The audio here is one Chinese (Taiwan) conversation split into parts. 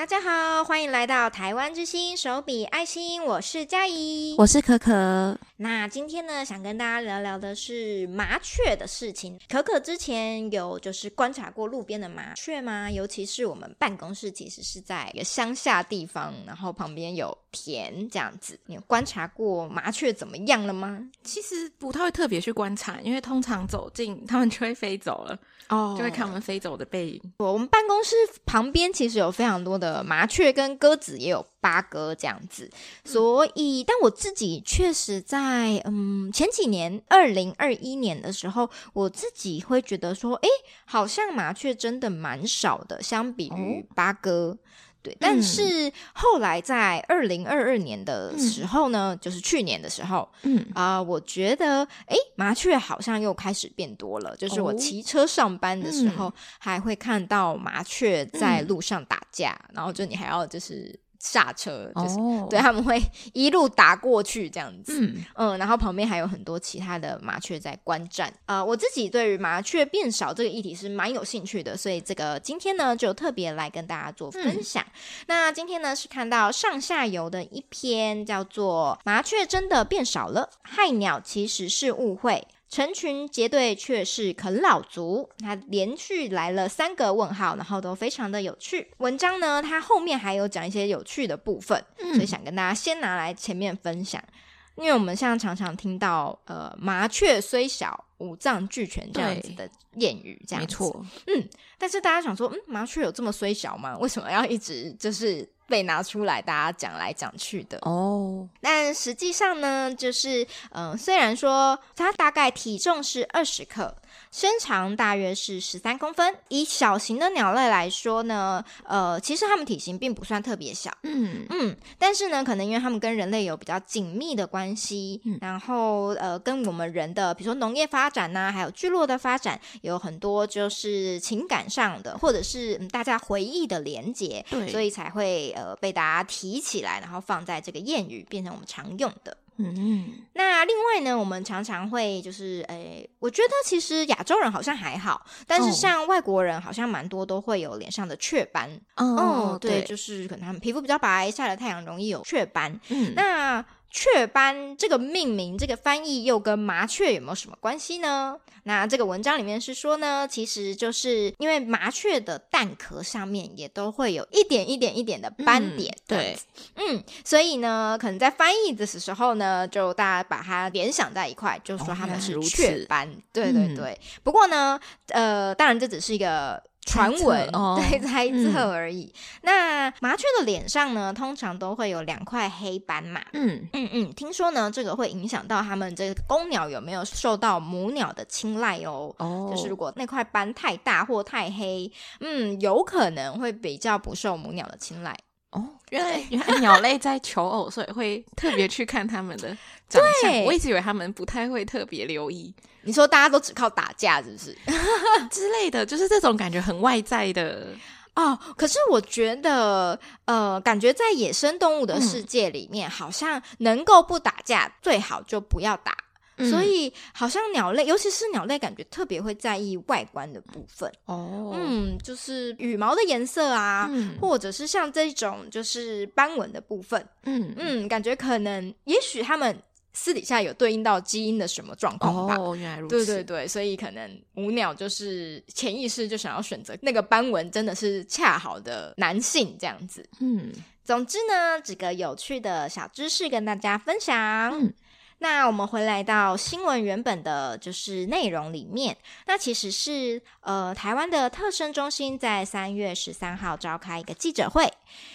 大家好，歡迎來到台灣之星手筆愛心，我是佳怡，我是可可。那今天呢，想跟大家聊聊的是麻雀的事情。可可之前有就是觀察過路邊的麻雀嗎？尤其是我們辦公室其實是在一個鄉下地方，然後旁邊有田這樣子，你觀察過麻雀怎麼樣了嗎？其實不太會特別去觀察，因為通常走近他們就會飛走了，哦，oh, okay. 就會看我們飛走的背影。我們辦公室旁邊其實有非常多的麻雀跟鴿子，也有。八哥這樣子，所以，但我自己確實在嗯前幾年，二零二一年的時候，我自己會覺得說，誒、欸，好像麻雀真的蠻少的，相比於八哥。哦、對。但是、嗯、後來在二零二二年的時候呢，嗯、就是去年的時候，嗯啊、呃，我覺得，誒、欸，麻雀好像又開始變多了。就是我騎車上班的時候，哦嗯、還會看到麻雀在路上打架，嗯、然後就你還要就是。下車就是，oh. 對，他們會一路打過去這樣子，嗯，嗯然後旁邊還有很多其他的麻雀在觀戰啊、呃。我自己對於麻雀變少這個議題是蠻有興趣的，所以這個今天呢就特別來跟大家做分享。嗯、那今天呢是看到上下游的一篇叫做《麻雀真的變少了？害鳥其實是誤會》。成群結隊卻是啃老族。他連續來了三個問號，然後都非常的有趣。文章呢，它後面還有講一些有趣的部分，嗯、所以想跟大家先拿來前面分享。因為我們現在常常聽到呃“麻雀雖小，五臟俱全”這樣子的諺語，這樣子沒錯，嗯，但是大家想說，嗯，麻雀有這麼雖小嗎？為什麼要一直就是被拿出來大家講來講去的？哦，oh. 但實際上呢，就是嗯、呃，雖然說它大概體重是二十克。身長大約是十三公分，以小型的鳥類來說呢，呃，其實它們體型並不算特別小，嗯 嗯。但是呢，可能因為它們跟人類有比較緊密的關係，嗯、然後呃，跟我們人的比如說農業發展吶、啊，還有聚落的發展，有很多就是情感上的，或者是大家回憶的連結，對所以才會呃被大家提起來，然後放在這個諺語，變成我們常用的。嗯，那另外呢，我們常常會就是，誒、欸，我覺得其實亞洲人好像還好，但是像外國人好像蠻多都會有臉上的雀斑。哦，oh, oh, 對，對就是可能他們皮膚比較白，曬了太陽容易有雀斑。嗯，那。雀斑這個命名，這個翻譯又跟麻雀有沒有什麼關係呢？那這個文章裡面是說呢，其實就是因為麻雀的蛋殼上面也都會有一點一點一點的斑點的、嗯，對，嗯，所以呢，可能在翻譯的時候呢，就大家把它聯想在一塊，就說他們是雀斑，哦、那是如此，對對對。嗯、不過呢，呃，當然這只是一個。傳聞，猜測哦、對猜測而已。嗯、那麻雀的臉上呢，通常都會有兩塊黑斑嘛。嗯嗯嗯，聽說呢，這個會影響到他們這個公鳥有沒有受到母鳥的青睞哦。哦，就是如果那塊斑太大或太黑，嗯，有可能會比較不受母鳥的青睞。哦，原來原來鳥類在求偶， 所以會特別去看他們的長相。對我一直以為他們不太會特別留意。你說大家都只靠打架，是不是 之類的？就是這種感覺很外在的哦，可是我覺得，呃，感覺在野生動物的世界裡面，嗯，好像能夠不打架，最好就不要打。嗯、所以，好像鳥類，尤其是鳥類，感覺特別會在意外觀的部分哦。嗯，就是羽毛的顏色啊，嗯、或者是像這種就是斑紋的部分。嗯嗯，感覺可能也許他們私底下有對應到基因的什麼狀況吧。哦，原來如此。對對對，所以可能母鳥就是潛意識就想要選擇那個斑紋真的是恰好的男性這樣子。嗯，總之呢，幾個有趣的小知識跟大家分享。嗯那我們回來到新聞原本的就是內容裡面，那其實是呃，台灣的特生中心在三月十三號召開一個記者會，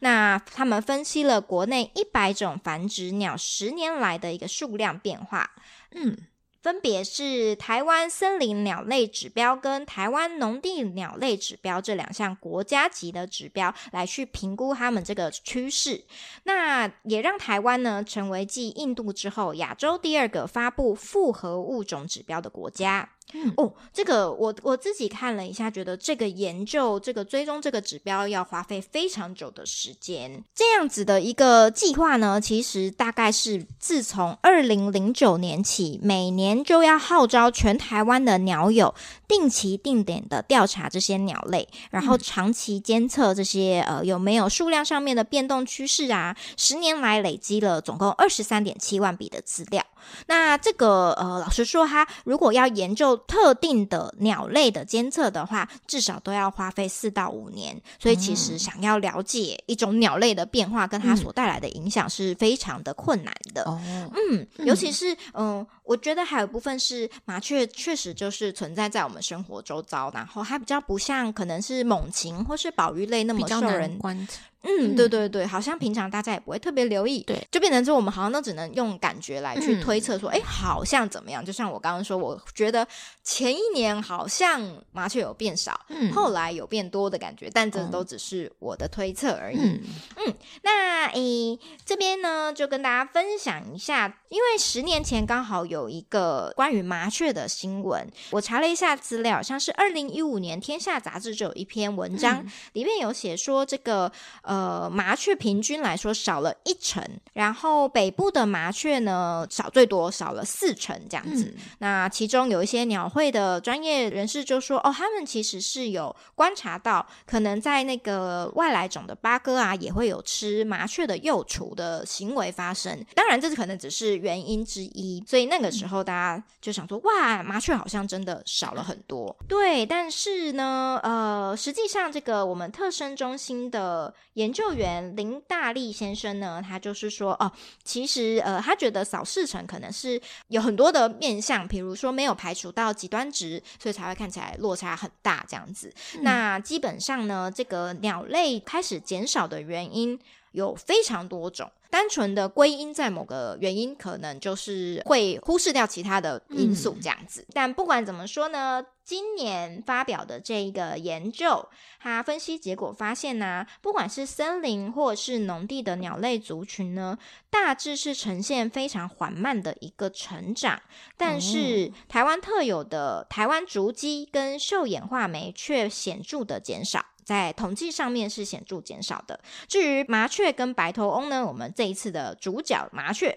那他們分析了國內一百種繁殖鳥十年來的一個數量變化，嗯。分別是台灣森林鳥類指標跟台灣農地鳥類指標這兩項國家級的指標來去評估他們這個趨勢，那也讓台灣呢成為繼印度之後亞洲第二個發布複合物種指標的國家。嗯、哦，這個我我自己看了一下，覺得這個研究，這個追蹤這個指標要花費非常久的時間。這樣子的一個計劃呢，其實大概是自從二零零九年起，每年就要號召全台灣的鳥友定期定點的調查這些鳥類，然後長期監測這些呃有沒有數量上面的變動趨勢啊。十年來累積了總共二十三點七萬筆的資料。那這個呃，老實說，他如果要研究。特定的鳥類的監測的話，至少都要花費四到五年，所以其實想要了解一種鳥類的變化，跟它所帶來的影響是非常的困難的。嗯，嗯，尤其是嗯、呃，我覺得還有部分是麻雀確實就是存在在我們生活周遭，然後它比較不像可能是猛禽或是保育類那麼受人關注。嗯，對對對，好像平常大家也不會特別留意，對，就變成說我們好像都只能用感覺來去推測說，說哎、嗯，好像怎麼樣？就像我剛剛說，我覺得前一年好像麻雀有變少，嗯、後來有變多的感覺，但這都只是我的推測而已。嗯，嗯，那誒，這邊呢就跟大家分享一下，因為十年前剛好有一個關於麻雀的新聞，我查了一下資料，像是二零一五年《天下》雜誌就有一篇文章，嗯、裡面有寫說這個呃。呃，麻雀平均來說少了一成，然後北部的麻雀呢，少最多，少了四成這樣子。嗯、那其中有一些鳥會的專業人士就說，哦，他們其實是有觀察到，可能在那個外來種的八哥啊，也會有吃麻雀的幼雛的行為發生。當然，這是可能只是原因之一。所以那個時候大家就想說，嗯、哇，麻雀好像真的少了很多。對，但是呢，呃，實際上這個我們特生中心的。研究員林大利先生呢，他就是說哦，其實呃，他覺得掃視層可能是有很多的面向，比如說沒有排除到極端值，所以才會看起來落差很大這樣子。嗯、那基本上呢，這個鳥類開始減少的原因。有非常多種，單純的歸因在某個原因，可能就是會忽視掉其他的因素這樣子。嗯、但不管怎麼說呢，今年發表的這一個研究，它分析結果發現呢、啊，不管是森林或是農地的鳥類族群呢，大致是呈現非常緩慢的一個成長，但是、嗯、台灣特有的台灣竹雞跟繡眼畫眉卻顯著的減少。在統計上面是顯著減少的。至於麻雀跟白頭翁呢，我們這一次的主角麻雀，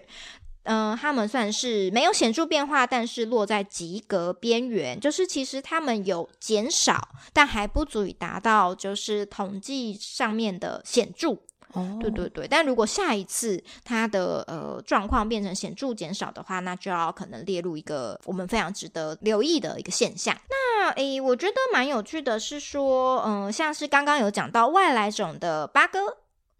嗯、呃，它們算是沒有顯著變化，但是落在及格邊緣，就是其實它們有減少，但還不足以達到就是統計上面的顯著。哦，oh. 對對對，但如果下一次它的呃狀況變成顯著減少的話，那就要可能列入一個我們非常值得留意的一個現象。那誒，我覺得蠻有趣的是說，嗯、呃，像是剛剛有講到外來種的八哥。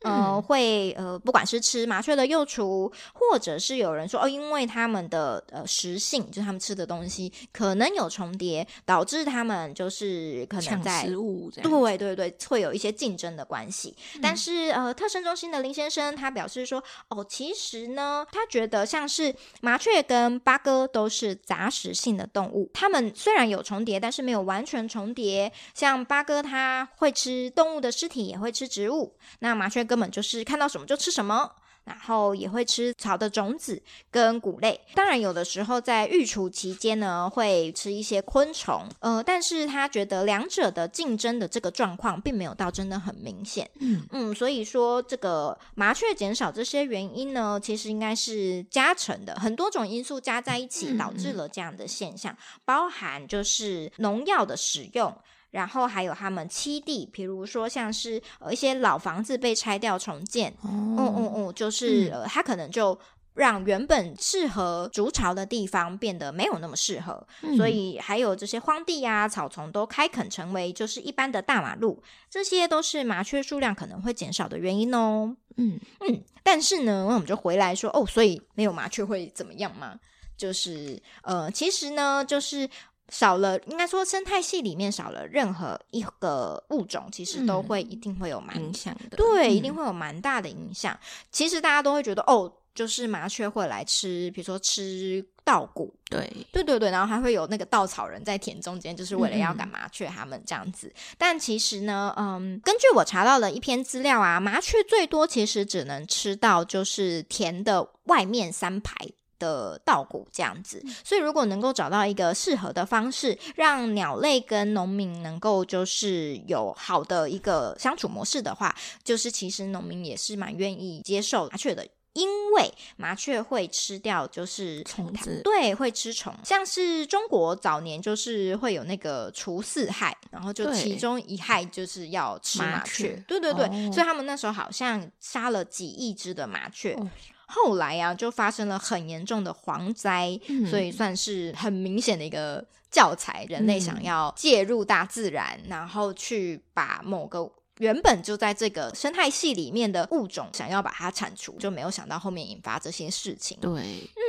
嗯、呃，會呃，不管是吃麻雀的幼雛，或者是有人說哦，因為它們的呃食性，就是它們吃的東西、嗯、可能有重疊，導致它們就是可能在搶食物這樣，對。對對對，會有一些競爭的關係。嗯、但是呃，特生中心的林先生他表示說，哦，其實呢，他覺得像是麻雀跟八哥都是雜食性的動物，它們雖然有重疊，但是沒有完全重疊。像八哥，它會吃動物的屍體，也會吃植物。那麻雀。根本就是看到什麼就吃什麼，然後也會吃草的種子跟穀類。當然，有的時候在育雛期間呢，會吃一些昆蟲。呃，但是他覺得兩者的競爭的這個狀況並沒有到真的很明顯。嗯嗯，所以說這個麻雀減少這些原因呢，其實應該是加成的，很多種因素加在一起導致了這樣的現象，嗯嗯，包含就是農藥的使用。然後還有他們棲地，比如說像是呃一些老房子被拆掉重建，哦、嗯嗯嗯，就是、嗯、呃他可能就讓原本適合築巢的地方變得沒有那麼適合，嗯、所以還有這些荒地呀、啊、草叢都開墾成為就是一般的大馬路，這些都是麻雀數量可能會減少的原因哦。嗯嗯，但是呢，我們就回來說哦，所以沒有麻雀會怎麼樣嗎？就是呃，其實呢，就是。少了，應該說生態系裡面少了任何一個物種，其實都會、嗯、一定會有蠻影響的。對，一定會有蠻大的影響。嗯、其實大家都會覺得，哦，就是麻雀會來吃，比如說吃稻穀。對對對對，然後還會有那個稻草人在田中間，就是為了要趕麻雀他們、嗯、這樣子。但其實呢，嗯，根據我查到的一篇資料啊，麻雀最多其實只能吃到就是田的外面三排。的稻穀這樣子，嗯、所以如果能夠找到一個適合的方式，讓鳥類跟農民能夠就是有好的一個相處模式的話，就是其實農民也是蠻願意接受麻雀的，因為麻雀會吃掉就是蟲子，對，會吃蟲，像是中國早年就是會有那個除四害，然後就其中一害就是要吃麻雀，對，麻雀，對對對，哦、所以他們那時候好像殺了幾億隻的麻雀。哦後來啊，就發生了很嚴重的蝗災，嗯、所以算是很明顯的一個教材。人類想要介入大自然，嗯、然後去把某個原本就在這個生態系裡面的物種想要把它鏟除，就沒有想到後面引發這些事情。對，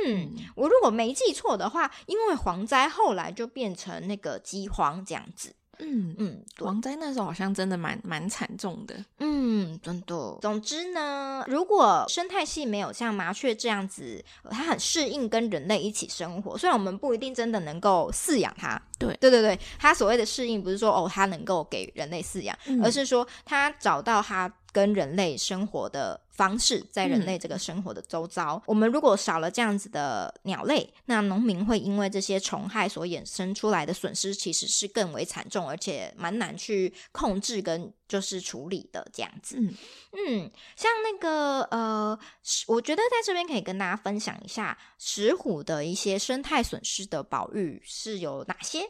嗯，我如果沒記錯的話，因為蝗災後來就變成那個饑荒這樣子。嗯嗯，蝗災、嗯、那時候好像真的蠻蠻慘重的。嗯，真的。總之呢，如果生態系沒有像麻雀這樣子，它、呃、很適應跟人類一起生活，雖然我們不一定真的能夠飼養它。對對對對，它所謂的適應，不是說哦它能夠給人類飼養，嗯、而是說它找到它。跟人類生活的方式，在人類這個生活的周遭，嗯、我們如果少了這樣子的鳥類，那農民會因為這些蟲害所衍生出來的損失，其實是更為慘重，而且蠻難去控制跟。就是處理的這樣子，嗯，像那個呃，我覺得在這邊可以跟大家分享一下石虎的一些生態損失的保育是有哪些，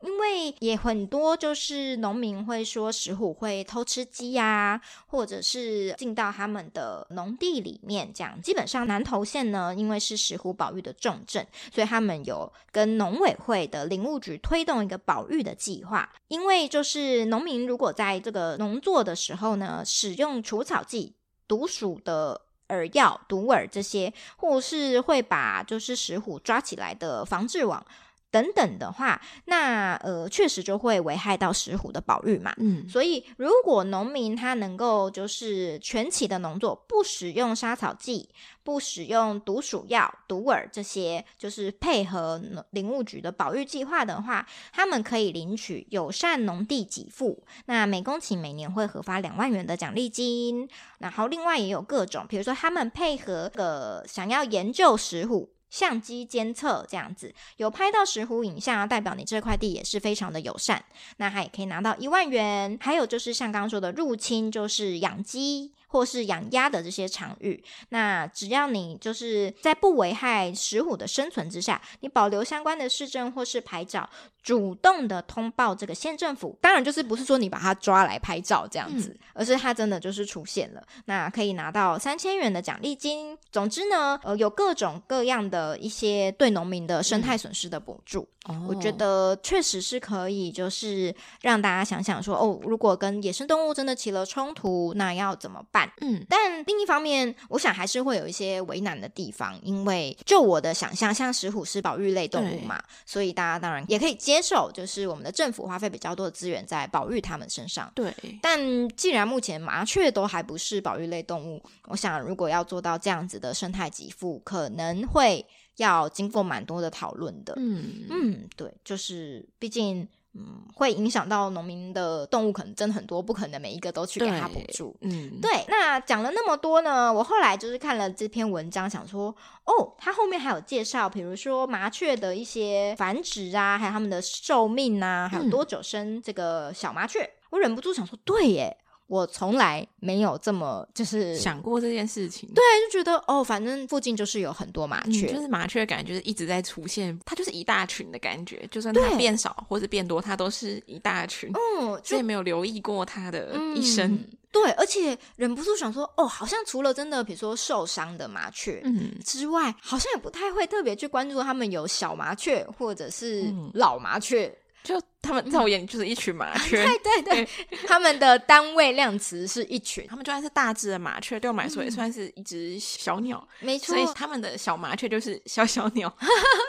因為也很多就是農民會說石虎會偷吃雞呀、啊，或者是進到他們的農地裡面這樣。基本上南投縣呢，因為是石虎保育的重鎮，所以他們有跟農委會的林務局推動一個保育的計劃，因為就是農民如果在這個農工作的時候呢，使用除草劑、毒鼠的餌藥、毒餌這些，或是會把就是石虎抓起來的防治網。等等的話，那呃，確實就會危害到石虎的保育嘛。嗯，所以如果農民他能夠就是全期的農作不使用殺草劑、不使用毒鼠藥、毒餌這些，就是配合林務局的保育計劃的話，他們可以領取友善農地給付，那每公頃每年會核發兩萬元的獎勵金。然後另外也有各種，比如說他們配合呃，想要研究石虎，相機監測這樣子有拍到石虎影像，代表你這塊地也是非常的友善，那還可以拿到一萬元。還有就是像剛剛說的入侵，就是養雞。或是養鴨的這些場域，那只要你就是在不危害石虎的生存之下，你保留相關的市政或是拍照，主動的通報這個縣政府，當然就是不是說你把它抓來拍照這樣子，嗯、而是它真的就是出現了，那可以拿到三千元的獎勵金。總之呢，呃，有各種各樣的一些對農民的生態損失的補助，嗯、我覺得確實是可以，就是讓大家想想說，哦，如果跟野生動物真的起了衝突，那要怎麼辦？嗯，但另一方面，我想還是會有一些為難的地方，因為就我的想象，像石虎是保育類動物嘛，對所以大家當然也可以接受，就是我們的政府花費比較多的資源在保育它們身上。對，但既然目前麻雀都還不是保育類動物，我想如果要做到這樣子的生態給付，可能會要經過蠻多的討論的。嗯，嗯，對，就是畢竟。嗯，會影響到農民的動物可能真的很多，不可能每一個都去給他補助。嗯，對。那講了那麼多呢，我後來就是看了這篇文章，想說，哦，它後面還有介紹，比如說麻雀的一些繁殖啊，還有它們的壽命啊，還有多久生這個小麻雀，嗯，我忍不住想說，對耶。我從來沒有這麼就是想過這件事情，對，就覺得哦，反正附近就是有很多麻雀，嗯，就是麻雀感覺就是一直在出現，它就是一大群的感覺，就算它變少或者變多，它都是一大群，嗯對，所以沒有留意過它的一生，嗯嗯，對，而且忍不住想說，哦，好像除了真的比如說受傷的麻雀，嗯之外，嗯、好像也不太會特別去關注它們有小麻雀或者是老麻雀。嗯就他們在我眼裡、嗯，就是一群麻雀，對對對，對他們的單位量詞是一群， 他們就算是大隻的麻雀，對我來說也算是一隻小鳥，沒錯、嗯，所以他們的小麻雀就是小小鳥，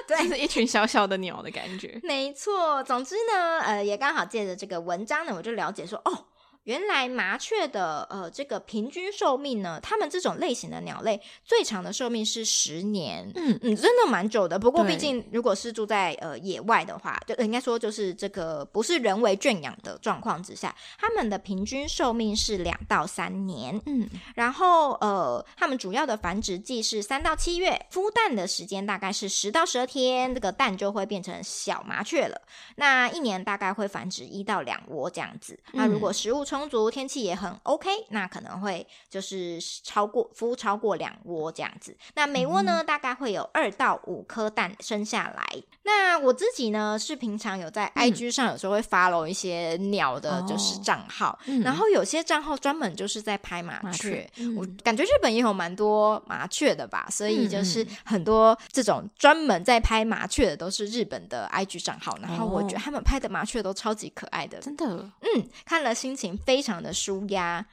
對錯，就是一群小小的鳥的感覺， 對沒錯。總之呢，呃，也剛好借着這個文章呢，我就了解說哦。原來麻雀的呃這個平均壽命呢，它們這種類型的鳥類最長的壽命是十年，嗯嗯，真的蠻久的。不過畢竟如果是住在呃野外的話，對就、呃、應該說就是這個不是人為圈養的狀況之下，它們的平均壽命是兩到三年。嗯，然後呃，它們主要的繁殖季是三到七月，孵蛋的時間大概是十到十二天，這個蛋就會變成小麻雀了。那一年大概會繁殖一到兩窩這樣子。嗯、那如果食物充足，天氣也很 OK，那可能會就是超過孵超過兩窩這樣子。那每窩呢，嗯、大概會有二到五顆蛋生下來。那我自己呢，是平常有在 IG 上，有時候會 follow 一些鳥的，就是賬號。嗯、然後有些賬號專門就是在拍麻雀。麻雀嗯、我感覺日本也有蠻多麻雀的吧，所以就是很多這種專門在拍麻雀的，都是日本的 IG 賬號。然後我覺得他們拍的麻雀都超級可愛的，真的。嗯，看了心情。非常的舒壓，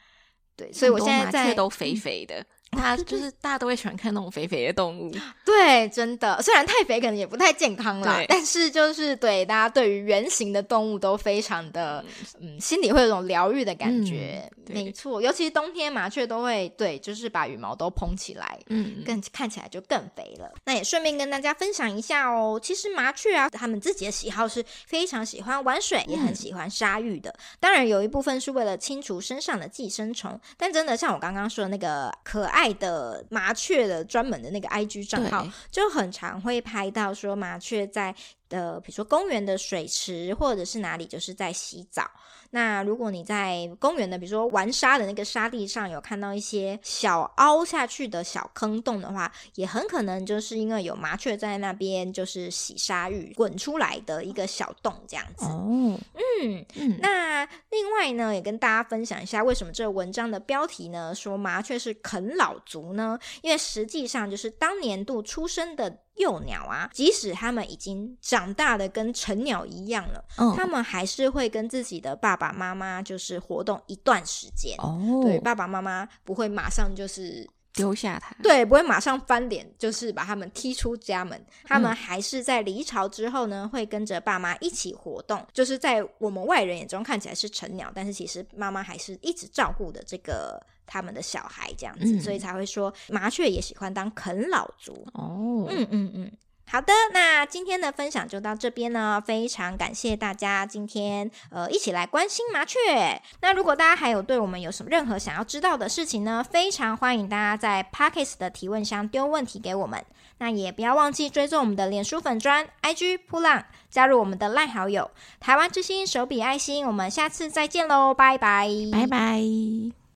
對，所以我現在在都肥肥的。大家就是大家都會喜歡看那種肥肥的動物， 對，真的，雖然太肥可能也不太健康了，對但是就是對大家對於圓形的動物都非常的，嗯，心裡會有種療癒的感覺，嗯、沒錯，尤其是冬天麻雀都會對，就是把羽毛都蓬起來，嗯，更看起來就更肥了。那也順便跟大家分享一下哦，其實麻雀啊，它們自己的喜好是非常喜歡玩水，嗯、也很喜歡沙浴的，當然有一部分是為了清除身上的寄生蟲，但真的像我剛剛說的那個可愛。愛的麻雀的專門的那個 IG 賬號，就很常會拍到說麻雀在。的，比如說公園的水池，或者是哪裡，就是在洗澡。那如果你在公園的，比如說玩沙的那個沙地上，有看到一些小凹下去的小坑洞的話，也很可能就是因為有麻雀在那邊就是洗沙浴滾出來的一個小洞這樣子。哦，嗯嗯。嗯那另外呢，也跟大家分享一下，為什麼這個文章的標題呢說麻雀是啃老族呢？因為實際上就是當年度出生的。幼鳥啊，即使他們已經長大的跟成鳥一樣了，oh. 他們還是會跟自己的爸爸媽媽就是活動一段時間。對，oh. 爸爸媽媽不會馬上就是。丟下他，對，不會馬上翻臉，就是把他們踢出家門。他們還是在離巢之後呢，嗯、會跟着爸媽一起活動。就是在我們外人眼中看起來是成鳥，但是其實媽媽還是一直照顧著這個他們的小孩，這樣子，嗯、所以才會說麻雀也喜歡當啃老族。哦，嗯嗯嗯。嗯嗯好的，那今天的分享就到這邊呢。非常感謝大家今天呃一起來關心麻雀。那如果大家還有對我們有什麼任何想要知道的事情呢，非常歡迎大家在 Peing 的提問箱丟問題給我們。那也不要忘記追蹤我們的臉書粉專 IG 噗浪，加入我們的賴好友台灣之星手筆愛心。我們下次再見嘍，拜拜，拜拜。